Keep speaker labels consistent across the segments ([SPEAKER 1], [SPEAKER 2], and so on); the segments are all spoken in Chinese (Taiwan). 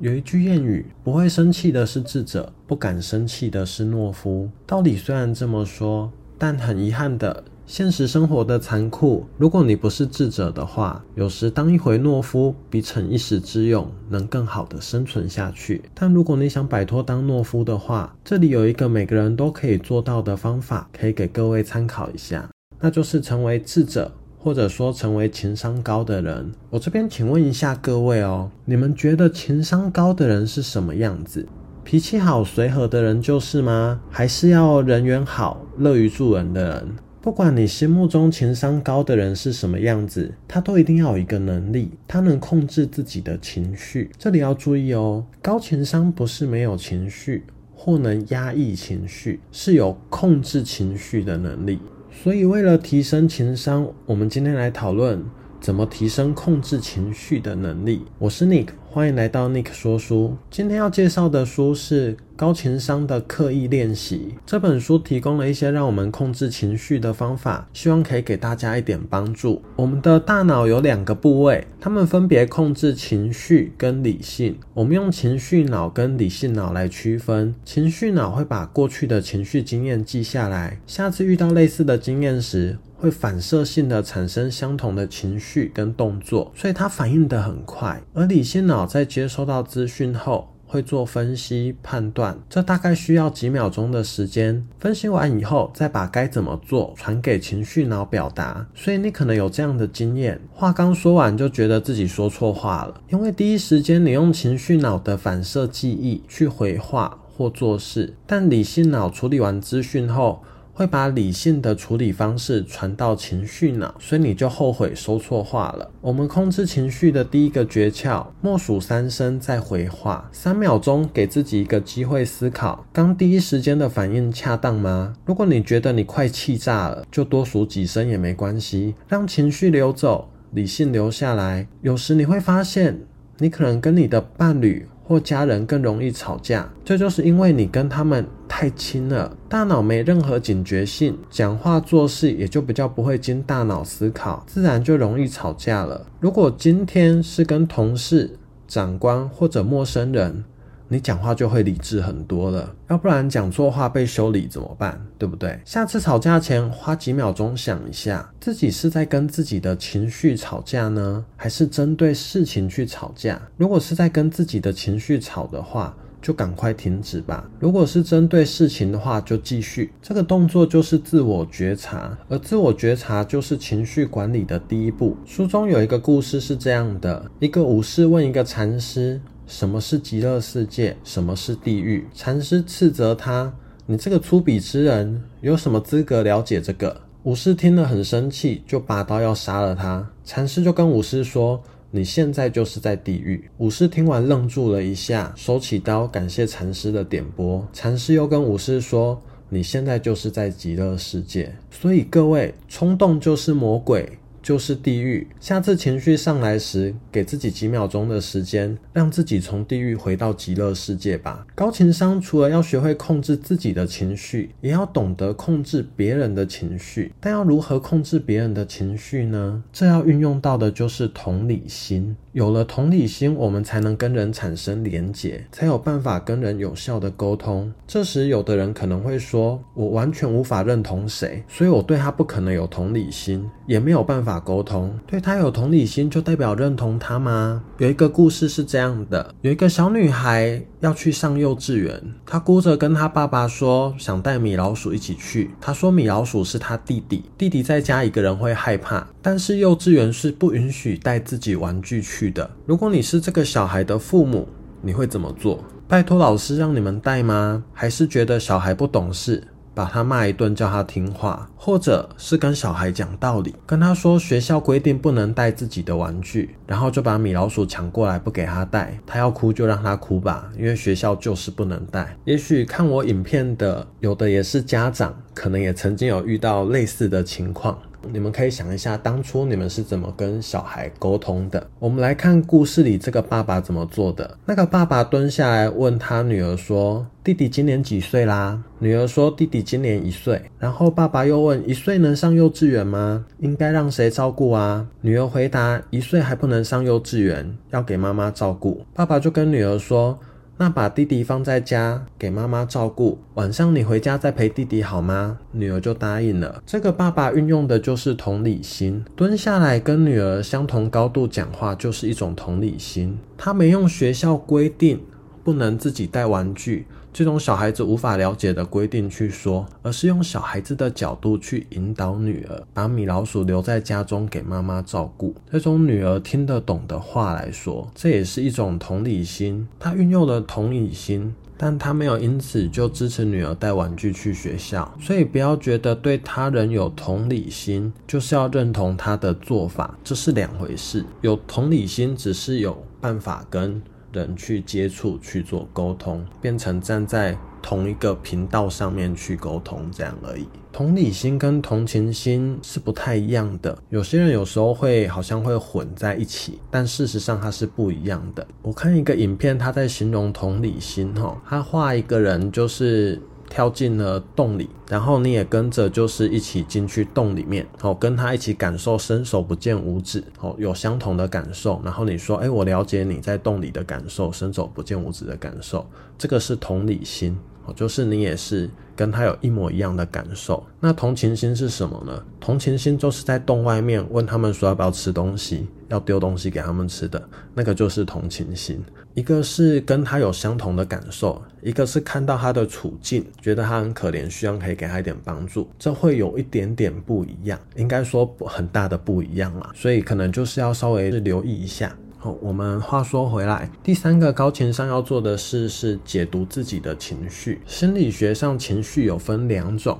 [SPEAKER 1] 有一句諺語，不會生氣的是智者，不敢生氣的是懦夫。道理雖然這麼說，但很遺憾的，現實生活的殘酷，如果你不是智者的話，有時當一回懦夫，比逞一時之勇能更好的生存下去。但如果你想擺脫當懦夫的話，這裡有一個每個人都可以做到的方法，可以給各位參考一下，那就是成為智者。或者說成為情商高的人，我這邊請問一下各位哦，你們覺得情商高的人是什麼樣子？脾氣好、隨和的人就是嗎？還是要人緣好、樂於助人的人？不管你心目中情商高的人是什麼樣子，他都一定要有一個能力，他能控制自己的情緒。這裡要注意哦，高情商不是沒有情緒或能壓抑情緒，是有控制情緒的能力。所以，為了提升情商，我們今天來討論怎麼提升控制情緒的能力。我是 Nick，歡迎來到 Nick 說書。今天要介紹的書是。高情商的刻意練習這本書提供了一些讓我們控制情緒的方法，希望可以給大家一點幫助。我們的大腦有兩個部位，它們分別控制情緒跟理性。我們用情緒腦跟理性腦來區分。情緒腦會把過去的情緒經驗記下來，下次遇到類似的經驗時，會反射性地產生相同的情緒跟動作，所以它反應得很快。而理性腦在接收到資訊後，會做分析判斷，這大概需要幾秒鐘的時間。分析完以後，再把該怎麼做傳給情緒腦表達。所以你可能有這樣的經驗，話剛說完就覺得自己說錯話了，因為第一時間你用情緒腦的反射記憶去回話或做事，但理性腦處理完資訊後，會把理性的處理方式傳到情緒腦，所以你就後悔說錯話了。我們控制情緒的第一個訣竅，默數三聲再回話，三秒鐘給自己一個機會思考，剛第一時間的反應恰當嗎？如果你覺得你快氣炸了，就多數幾聲也沒關係，讓情緒流走，理性留下來。有時你會發現，你可能跟你的伴侶。或家人更容易吵架，這就是因為你跟他們太親了，大腦沒任何警覺性，講話做事也就比較不會經大腦思考，自然就容易吵架了。如果今天是跟同事、長官或者陌生人，你講話就會理智很多了，要不然講錯話被修理怎麼辦？對不對？下次吵架前花幾秒鐘想一下，自己是在跟自己的情緒吵架呢，還是針對事情去吵架？如果是在跟自己的情緒吵的話，就趕快停止吧；如果是針對事情的話，就繼續。這個動作就是自我覺察，而自我覺察就是情緒管理的第一步。書中有一個故事是這樣的：一個武士問一個禪師。什麼是極樂世界？什麼是地獄？禪師斥責他：“你這個粗鄙之人，有什麼資格了解這個？”武士聽了很生氣，就拔刀要殺了他。禪師就跟武士說：“你現在就是在地獄。”武士聽完愣住了一下，收起刀，感謝禪師的點撥。禪師又跟武士說：“你現在就是在極樂世界。”所以各位，衝動就是魔鬼。就是地獄。下次情緒上來時，給自己幾秒鐘的時間，讓自己從地獄回到極樂世界吧。高情商除了要學會控制自己的情緒，也要懂得控制別人的情緒。但要如何控制別人的情緒呢？這要運用到的就是同理心。有了同理心，我們才能跟人產生連結，才有辦法跟人有效的溝通。這時，有的人可能會說：“我完全無法認同誰，所以我對他不可能有同理心，也沒有辦法。”法溝通，對他有同理心就代表認同他嗎？有一個故事是這樣的：有一個小女孩要去上幼稚園，她哭着跟她爸爸說想帶米老鼠一起去。她說米老鼠是她弟弟，弟弟在家一個人會害怕，但是幼稚園是不允許帶自己玩具去的。如果你是這個小孩的父母，你會怎麼做？拜托老師讓你們帶嗎？還是覺得小孩不懂事？把他罵一頓，叫他聽話，或者是跟小孩講道理，跟他說學校規定不能帶自己的玩具，然後就把米老鼠搶過來不給他帶，他要哭就讓他哭吧，因為學校就是不能帶。也許看我影片的，有的也是家長，可能也曾經有遇到類似的情況。你們可以想一下，當初你們是怎麼跟小孩溝通的？我們來看故事裡這個爸爸怎麼做的。那個爸爸蹲下來問他女兒說：“弟弟今年幾歲啦？”女兒說：“弟弟今年一歲。”然後爸爸又問：“一歲能上幼稚園嗎？應該讓誰照顧啊？”女兒回答：“一歲還不能上幼稚園，要給媽媽照顧。”爸爸就跟女兒說：那把弟弟放在家給媽媽照顧，晚上你回家再陪弟弟好嗎？女兒就答應了。這個爸爸運用的就是同理心，蹲下來跟女兒相同高度講話，就是一種同理心。他沒用學校規定。不能自己帶玩具這種小孩子無法了解的規定去說，而是用小孩子的角度去引導女兒，把米老鼠留在家中給媽媽照顧，這種女兒聽得懂的話來說，這也是一種同理心。她運用了同理心，但她沒有因此就支持女兒帶玩具去學校。所以不要覺得對他人有同理心就是要認同他的做法，這是兩回事。有同理心只是有辦法跟。人去接觸、去做溝通，變成站在同一個頻道上面去溝通，這樣而已。同理心跟同情心是不太一樣的，有些人有時候會好像會混在一起，但事實上它是不一樣的。我看一個影片，他在形容同理心，喔，哈，他畫一個人就是。跳進了洞裡，然後你也跟着，就是一起進去洞裡面，好跟他一起感受伸手不見五指，好有相同的感受。然後你說，哎、欸，我了解你在洞裡的感受，伸手不見五指的感受，這個是同理心。哦，就是你也是跟他有一模一樣的感受。那同情心是什麼呢？同情心就是在洞外面問他們說要不要吃東西，要丟東西給他們吃的，那個就是同情心。一個是跟他有相同的感受，一個是看到他的處境，覺得他很可憐，希望可以給他一點幫助，這會有一點點不一樣，應該說不很大的不一樣啦，所以可能就是要稍微留意一下。哦，我們話說回來，第三個高情商要做的事是，是解讀自己的情緒。心理學上，情緒有分兩種，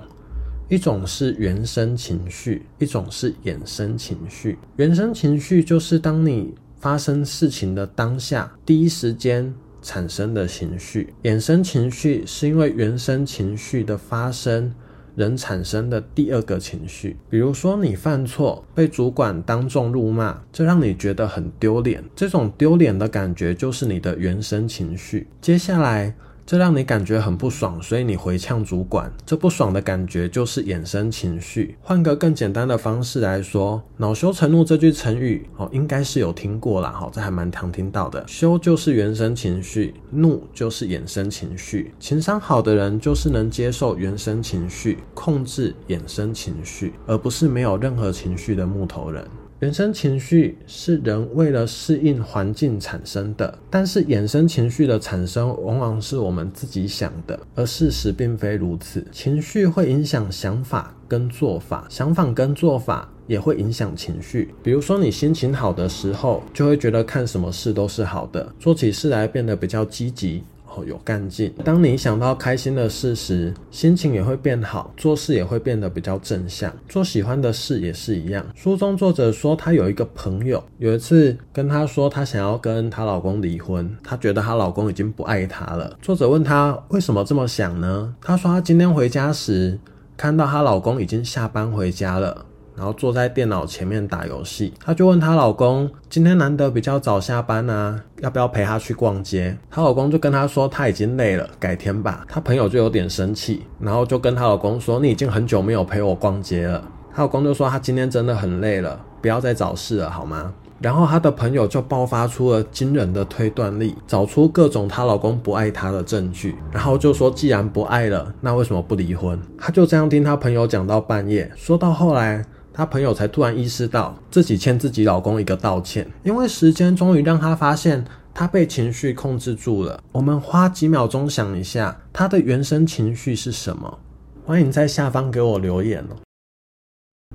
[SPEAKER 1] 一種是原生情緒，一種是衍生情緒。原生情緒就是當你發生事情的當下，第一時間產生的情緒；衍生情緒是因為原生情緒的發生人產生的第二個情緒，比如說你犯錯被主管當眾辱罵，這讓你覺得很丟臉。這種丟臉的感覺就是你的原生情緒。接下來。這讓你感覺很不爽，所以你回嗆主管。這不爽的感覺就是衍生情緒。換個更簡單的方式來說，惱羞成怒這句成語，哦，應該是有聽過啦，好，哦，這還蠻常聽到的。羞就是原生情緒，怒就是衍生情緒。情商好的人就是能接受原生情緒，控制衍生情緒，而不是沒有任何情緒的木頭人。原生情緒是人為了適應環境產生的，但是衍生情緒的產生往往是我們自己想的，而事實並非如此。情緒會影響想法跟做法，想法跟做法也會影響情緒。比如說，你心情好的時候，就會覺得看什麼事都是好的，做起事來變得比較積極。哦，有幹勁。當你想到開心的事時，心情也會變好，做事也會變得比較正向。做喜歡的事也是一樣。書中作者說，她有一個朋友，有一次跟她說，她想要跟她老公離婚，她覺得她老公已經不愛她了。作者問她為什麼這麼想呢？她說，她今天回家時看到她老公已經下班回家了。然後坐在電腦前面打遊戲，她就問她老公：“今天難得比較早下班啊，要不要陪她去逛街？”她老公就跟她說：“她已經累了，改天吧。”她朋友就有點生氣，然後就跟她老公說：“你已經很久沒有陪我逛街了。”她老公就說：“他今天真的很累了，不要再找事了，好嗎？”然後她的朋友就爆發出了驚人的推斷力，找出各種她老公不愛她的證據，然後就說：“既然不愛了，那為什麼不離婚？”她就這樣聽她朋友講到半夜，說到後來。她朋友才突然意識到自己欠自己老公一個道歉，因為時間終於讓她發現她被情緒控制住了。我們花幾秒鐘想一下，她的原生情緒是什麼？歡迎在下方給我留言。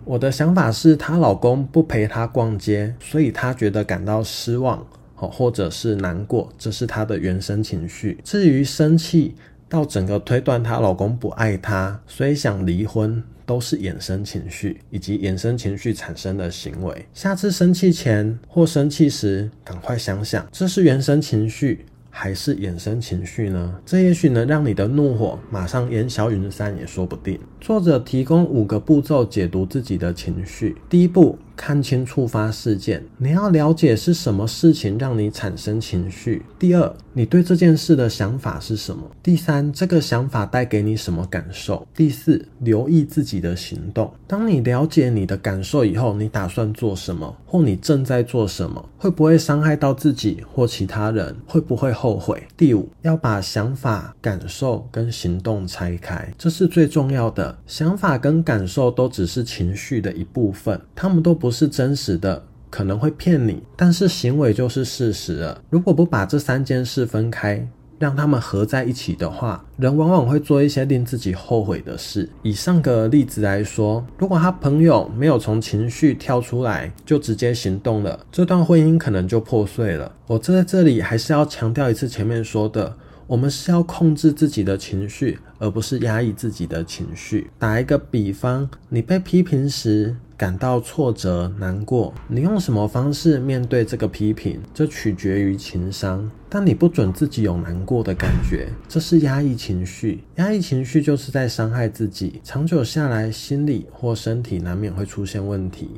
[SPEAKER 1] 我的想法是，她老公不陪她逛街，所以她覺得感到失望，或者是難過，這是她的原生情緒。至於生氣。到整個推斷她老公不愛她，所以想離婚，都是衍生情緒以及衍生情緒產生的行為。下次生氣前或生氣時，趕快想想，這是原生情緒還是衍生情緒呢？這也許能讓你的怒火馬上煙消雲散，也說不定。作者提供五個步驟解讀自己的情緒，第一步。看清觸發事件，你要了解是什麼事情讓你產生情緒。第二，你對這件事的想法是什麼？第三，這個想法帶給你什麼感受？第四，留意自己的行動。當你了解你的感受以後，你打算做什麼，或你正在做什麼？會不會傷害到自己或其他人？會不會後悔？第五，要把想法、感受跟行動拆開。這是最重要的。想法跟感受都只是情緒的一部分，他們都。不是真實的，可能會騙你，但是行為就是事實了。如果不把這三件事分開，讓他們合在一起的話，人往往會做一些令自己後悔的事。以上個例子來說，如果他朋友沒有從情緒跳出來，就直接行動了，這段婚姻可能就破碎了。我在這裡還是要強調一次前面說的。我們是要控制自己的情緒，而不是壓抑自己的情緒。打一個比方，你被批評時感到挫折、難過，你用什麼方式面對這個批評？這取決於情商。但你不准自己有難過的感覺，這是壓抑情緒。壓抑情緒就是在傷害自己，長久下來，心理或身體難免會出現問題。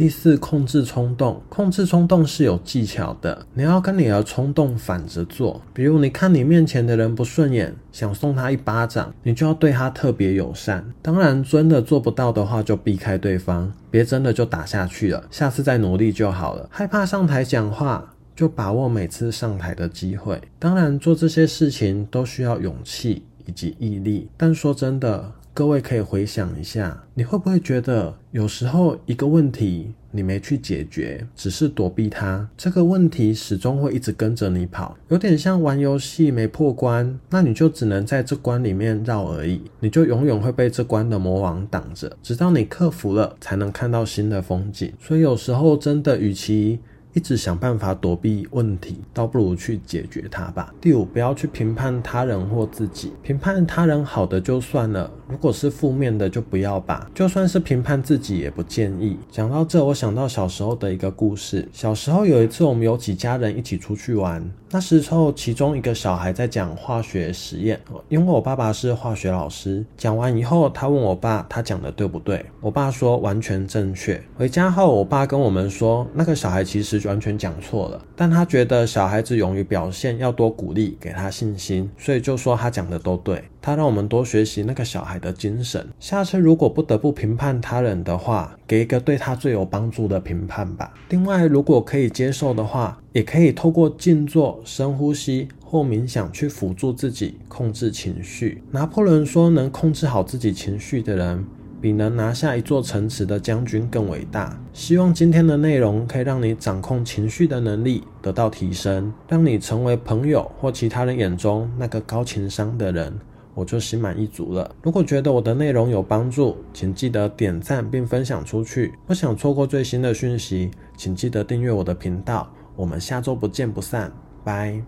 [SPEAKER 1] 第四，控制衝動。控制衝動是有技巧的，你要跟你的衝動反着做。比如，你看你面前的人不順眼，想送他一巴掌，你就要對他特別友善。當然，真的做不到的話，就避開對方，別真的就打下去了。下次再努力就好了。害怕上台講話，就把握每次上台的機會。當然，做這些事情都需要勇氣以及毅力。但說真的。各位可以回想一下，你會不會覺得有時候一個問題你沒去解決，只是躲避它，這個問題始終會一直跟着你跑，有點像玩遊戲沒破關，那你就只能在這關裡面繞而已，你就永遠會被這關的魔王擋着，直到你克服了，才能看到新的風景。所以有時候真的，與其……一直想辦法躲避問題，倒不如去解決它吧。第五，不要去評判他人或自己。評判他人好的就算了，如果是負面的就不要吧。就算是評判自己，也不建議。講到這，我想到小時候的一個故事。小時候有一次，我們有幾家人一起出去玩。那時候，其中一個小孩在講化學實驗，因為我爸爸是化學老師。講完以後，他問我爸他講的對不對，我爸說完全正確。回家後，我爸跟我們說，那個小孩其實完全講錯了，但他覺得小孩子勇於表現，要多鼓勵，給他信心，所以就說他講的都對。他讓我們多學習那個小孩的精神。下次如果不得不評判他人的話，給一個對他最有幫助的評判吧。另外，如果可以接受的話，也可以透過靜坐、深呼吸或冥想去輔助自己控制情緒。拿破崙說：“能控制好自己情緒的人，比能拿下一座城池的將軍更偉大。”希望今天的內容可以讓你掌控情緒的能力得到提升，讓你成為朋友或其他人眼中那個高情商的人。我就心滿意足了。如果覺得我的內容有幫助，請記得點讚並分享出去。不想錯過最新的訊息，請記得訂閱我的頻道。我們下周不見不散，拜。